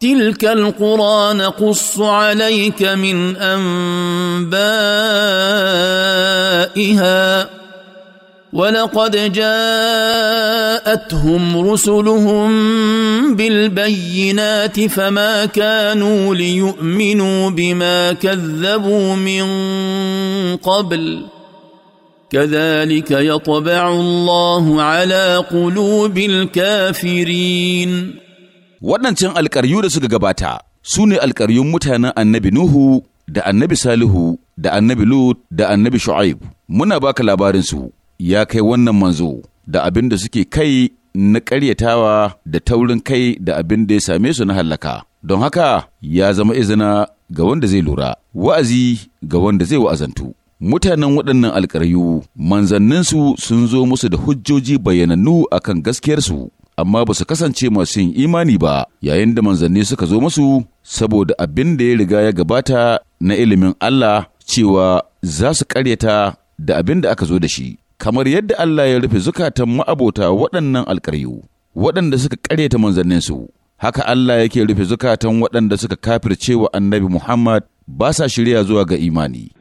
تلك القرى نقص عليك من انبائها ولقد جاءتهم رسلهم بالبينات فما كانوا ليؤمنوا بما كذبوا من قبل كذلك يطبع الله على قلوب الكافرين waɗancan alƙaryu da suka gabata su ne alƙaryun mutanen annabi Nuhu da annabi Salihu da annabi Lut da annabi Shu'aib muna baka labarinsu ya kai wannan manzo da abin da suke kai na ƙaryatawa da taurin kai da abin da ya same su na hallaka don haka ya zama izina ga wanda zai lura wa'azi ga wanda zai wa'azantu mutanen waɗannan alƙaryu manzanninsu sun zo musu da hujjoji bayyanannu akan gaskiyarsu amma ba su kasance masu yin imani ba yayin da manzanni suka zo masu saboda abin da ya riga ya gabata na ilimin Allah cewa za su karyata da abin da aka zo da shi kamar yadda Allah ya rufe zukatan ma'abota waɗannan alƙaryu waɗanda suka karyata manzanninsu haka Allah yake rufe zukatan waɗanda suka kafircewa annabi Muhammad ba sa shirya zuwa ga imani